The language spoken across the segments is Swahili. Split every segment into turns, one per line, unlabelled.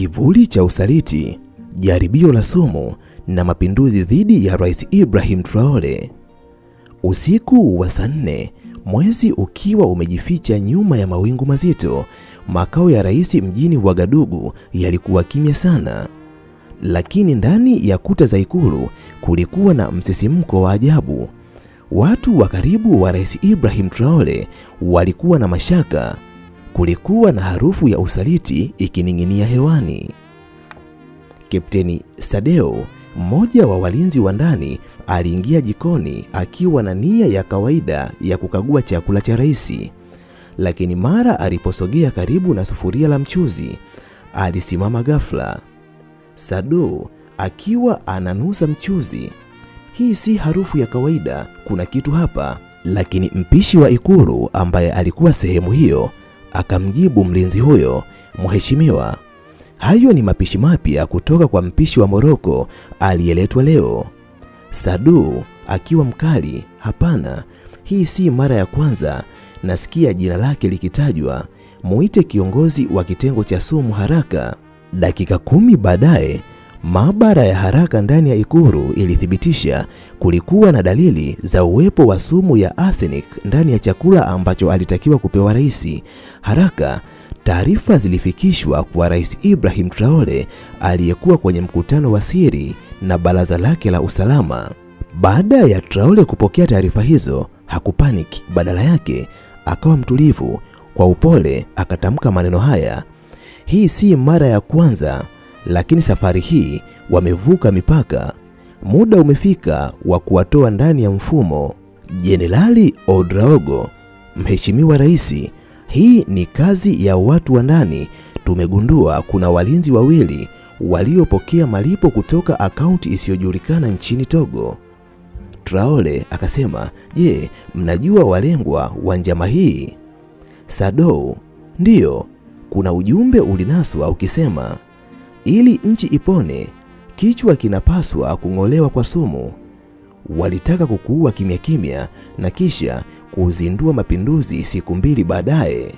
kivuli cha usaliti, jaribio la somo na mapinduzi dhidi ya Rais Ibrahim Traore. Usiku wa saa nne, mwezi ukiwa umejificha nyuma ya mawingu mazito, makao ya rais mjini Wagadugu yalikuwa kimya sana, lakini ndani ya kuta za ikulu kulikuwa na msisimko wa ajabu. Watu wa karibu wa Rais Ibrahim Traore walikuwa na mashaka kulikuwa na harufu ya usaliti ikining'inia hewani. Kapteni Sadeo, mmoja wa walinzi wa ndani, aliingia jikoni akiwa na nia ya kawaida ya kukagua chakula cha rais, lakini mara aliposogea karibu na sufuria la mchuzi, alisimama ghafla. Sadeo akiwa ananusa mchuzi. Hii si harufu ya kawaida, kuna kitu hapa. Lakini mpishi wa ikulu ambaye alikuwa sehemu hiyo Akamjibu mlinzi huyo, Mheshimiwa, hayo ni mapishi mapya kutoka kwa mpishi wa Moroko aliyeletwa leo. Sadu akiwa mkali, hapana, hii si mara ya kwanza nasikia jina lake likitajwa. Muite kiongozi wa kitengo cha sumu haraka. Dakika kumi baadaye Maabara ya haraka ndani ya Ikulu ilithibitisha kulikuwa na dalili za uwepo wa sumu ya arsenic ndani ya chakula ambacho alitakiwa kupewa rais. Haraka taarifa zilifikishwa kwa Rais Ibrahim Traore aliyekuwa kwenye mkutano wa siri na baraza lake la usalama. Baada ya Traore kupokea taarifa hizo, hakupaniki, badala yake akawa mtulivu. Kwa upole akatamka maneno haya: hii si mara ya kwanza lakini safari hii wamevuka mipaka. Muda umefika wa kuwatoa ndani ya mfumo. Jenerali odraogo mheshimiwa rais, hii ni kazi ya watu wa ndani. Tumegundua kuna walinzi wawili waliopokea malipo kutoka akaunti isiyojulikana nchini Togo. Traore akasema, "Je, mnajua walengwa wa njama hii?" Sadou, "Ndiyo, kuna ujumbe ulinaswa ukisema ili nchi ipone, kichwa kinapaswa kung'olewa kwa sumu. Walitaka kukuua kimya kimya na kisha kuzindua mapinduzi siku mbili baadaye.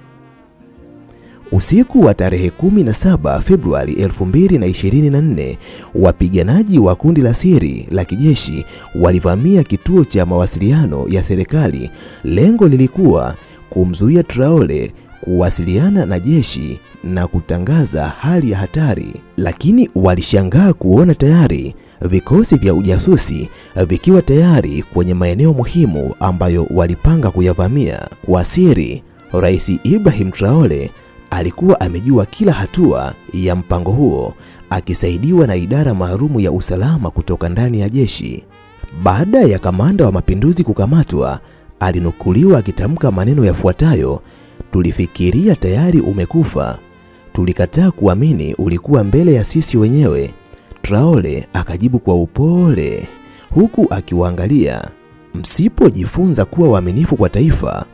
Usiku wa tarehe 17 Februari 2024, wapiganaji wa kundi la siri la kijeshi walivamia kituo cha mawasiliano ya serikali. Lengo lilikuwa kumzuia Traore kuwasiliana na jeshi na kutangaza hali ya hatari, lakini walishangaa kuona tayari vikosi vya ujasusi vikiwa tayari kwenye maeneo muhimu ambayo walipanga kuyavamia kwa siri. Rais Ibrahim Traore alikuwa amejua kila hatua ya mpango huo akisaidiwa na idara maalumu ya usalama kutoka ndani ya jeshi. Baada ya kamanda wa mapinduzi kukamatwa, alinukuliwa akitamka maneno yafuatayo tulifikiria tayari umekufa, tulikataa kuamini ulikuwa mbele ya sisi wenyewe. Traore akajibu kwa upole huku akiwaangalia. Msipojifunza kuwa waaminifu kwa taifa,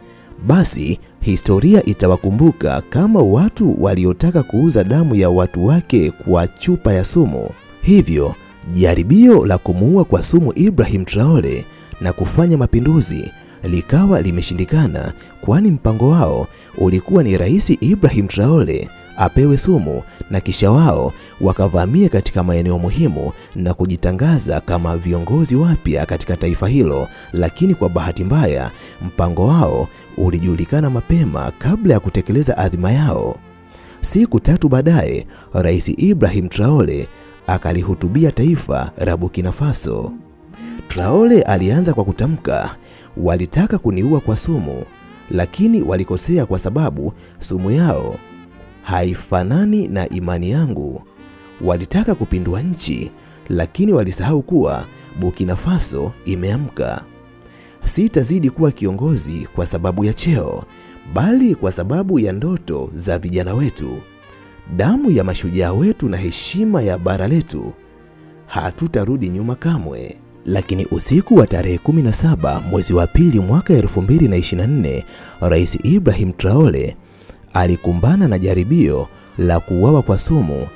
basi historia itawakumbuka kama watu waliotaka kuuza damu ya watu wake kwa chupa ya sumu. Hivyo jaribio la kumuua kwa sumu Ibrahim Traore na kufanya mapinduzi likawa limeshindikana, kwani mpango wao ulikuwa ni Rais Ibrahim Traore apewe sumu na kisha wao wakavamia katika maeneo muhimu na kujitangaza kama viongozi wapya katika taifa hilo. Lakini kwa bahati mbaya, mpango wao ulijulikana mapema kabla ya kutekeleza adhima yao. Siku tatu baadaye, Rais Ibrahim Traore akalihutubia taifa la Burkina Faso. Traore alianza kwa kutamka, Walitaka kuniua kwa sumu, lakini walikosea kwa sababu sumu yao haifanani na imani yangu. Walitaka kupindua nchi, lakini walisahau kuwa Burkina Faso imeamka. Sitazidi kuwa kiongozi kwa sababu ya cheo, bali kwa sababu ya ndoto za vijana wetu, damu ya mashujaa wetu na heshima ya bara letu. Hatutarudi nyuma kamwe. Lakini usiku wa tarehe 17 mwezi wa pili mwaka 2024, Rais Ibrahim Traore alikumbana na jaribio la kuuawa kwa sumu.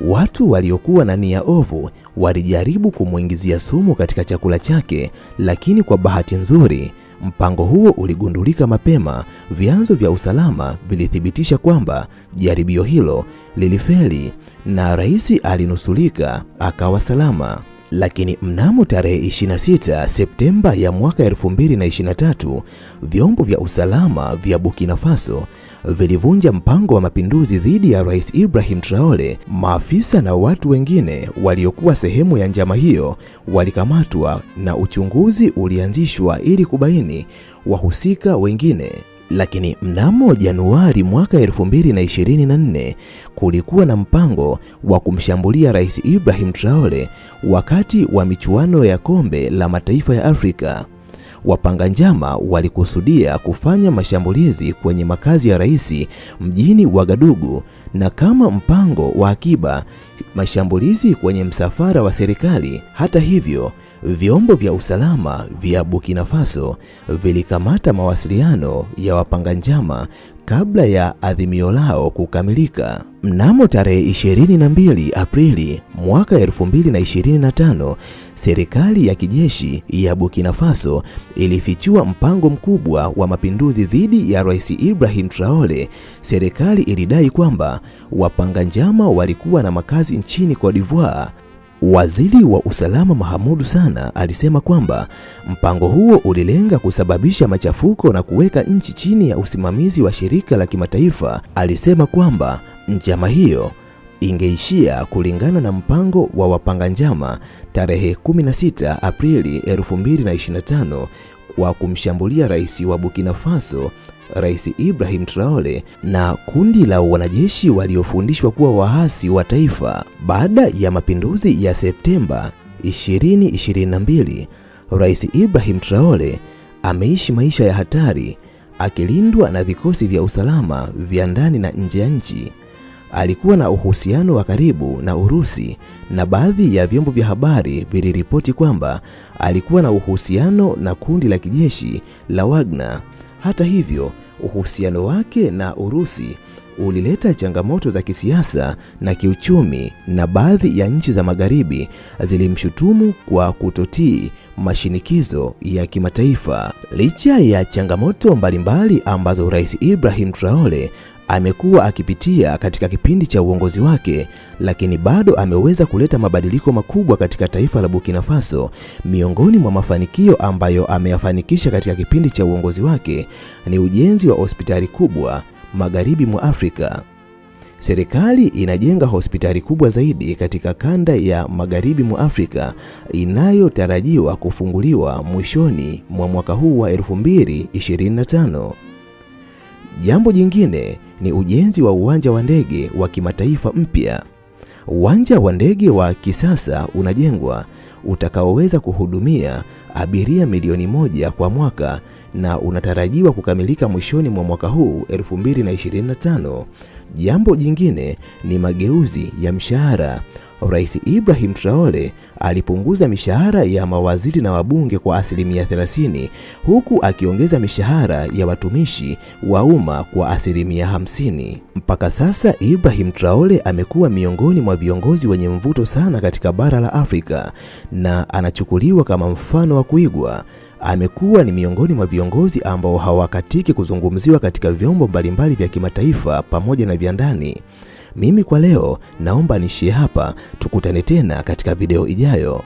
Watu waliokuwa na nia ovu walijaribu kumwingizia sumu katika chakula chake, lakini kwa bahati nzuri mpango huo uligundulika mapema. Vyanzo vya usalama vilithibitisha kwamba jaribio hilo lilifeli na rais alinusulika akawa salama. Lakini mnamo tarehe 26 Septemba ya mwaka 2023, vyombo vya usalama vya Burkina Faso vilivunja mpango wa mapinduzi dhidi ya Rais Ibrahim Traore. Maafisa na watu wengine waliokuwa sehemu ya njama hiyo walikamatwa na uchunguzi ulianzishwa ili kubaini wahusika wengine. Lakini mnamo Januari mwaka 2024 kulikuwa na mpango wa kumshambulia Rais Ibrahim Traore wakati wa michuano ya kombe la mataifa ya Afrika. Wapanga njama walikusudia kufanya mashambulizi kwenye makazi ya rais mjini Wagadugu, na kama mpango wa akiba, mashambulizi kwenye msafara wa serikali. Hata hivyo Vyombo vya usalama vya Burkina Faso vilikamata mawasiliano ya wapanga njama kabla ya adhimio lao kukamilika. Mnamo tarehe 22 Aprili mwaka 2025, serikali ya kijeshi ya Burkina Faso ilifichua mpango mkubwa wa mapinduzi dhidi ya Rais Ibrahim Traore. Serikali ilidai kwamba wapanga njama walikuwa na makazi nchini Cote d'Ivoire Waziri wa usalama Mahamudu Sana alisema kwamba mpango huo ulilenga kusababisha machafuko na kuweka nchi chini ya usimamizi wa shirika la kimataifa. Alisema kwamba njama hiyo ingeishia kulingana na mpango wa wapanga njama tarehe 16 Aprili 2025 kwa kumshambulia rais wa Burkina Faso Rais Ibrahim Traore na kundi la wanajeshi waliofundishwa kuwa waasi wa taifa baada ya mapinduzi ya Septemba 2022. Rais Ibrahim Traore ameishi maisha ya hatari akilindwa na vikosi vya usalama vya ndani na nje ya nchi. Alikuwa na uhusiano wa karibu na Urusi na baadhi ya vyombo vya habari viliripoti kwamba alikuwa na uhusiano na kundi la kijeshi la Wagner. Hata hivyo, uhusiano wake na Urusi ulileta changamoto za kisiasa na kiuchumi na baadhi ya nchi za magharibi zilimshutumu kwa kutotii mashinikizo ya kimataifa. Licha ya changamoto mbalimbali ambazo Rais Ibrahim Traore amekuwa akipitia katika kipindi cha uongozi wake, lakini bado ameweza kuleta mabadiliko makubwa katika taifa la Burkina Faso. Miongoni mwa mafanikio ambayo ameyafanikisha katika kipindi cha uongozi wake ni ujenzi wa hospitali kubwa magharibi mwa Afrika. Serikali inajenga hospitali kubwa zaidi katika kanda ya magharibi mwa Afrika inayotarajiwa kufunguliwa mwishoni mwa mwaka huu wa 2025. Jambo jingine ni ujenzi wa uwanja wa ndege wa kimataifa mpya. Uwanja wa ndege wa kisasa unajengwa utakaoweza kuhudumia abiria milioni moja kwa mwaka na unatarajiwa kukamilika mwishoni mwa mwaka huu 2025. Jambo jingine ni mageuzi ya mshahara Rais Ibrahim Traore alipunguza mishahara ya mawaziri na wabunge kwa asilimia 30 huku akiongeza mishahara ya watumishi wa umma kwa asilimia 50. Mpaka sasa Ibrahim Traore amekuwa miongoni mwa viongozi wenye mvuto sana katika bara la Afrika na anachukuliwa kama mfano wa kuigwa. Amekuwa ni miongoni mwa viongozi ambao hawakatiki kuzungumziwa katika vyombo mbalimbali vya kimataifa pamoja na vya ndani. Mimi kwa leo naomba niishie hapa, tukutane tena katika video ijayo.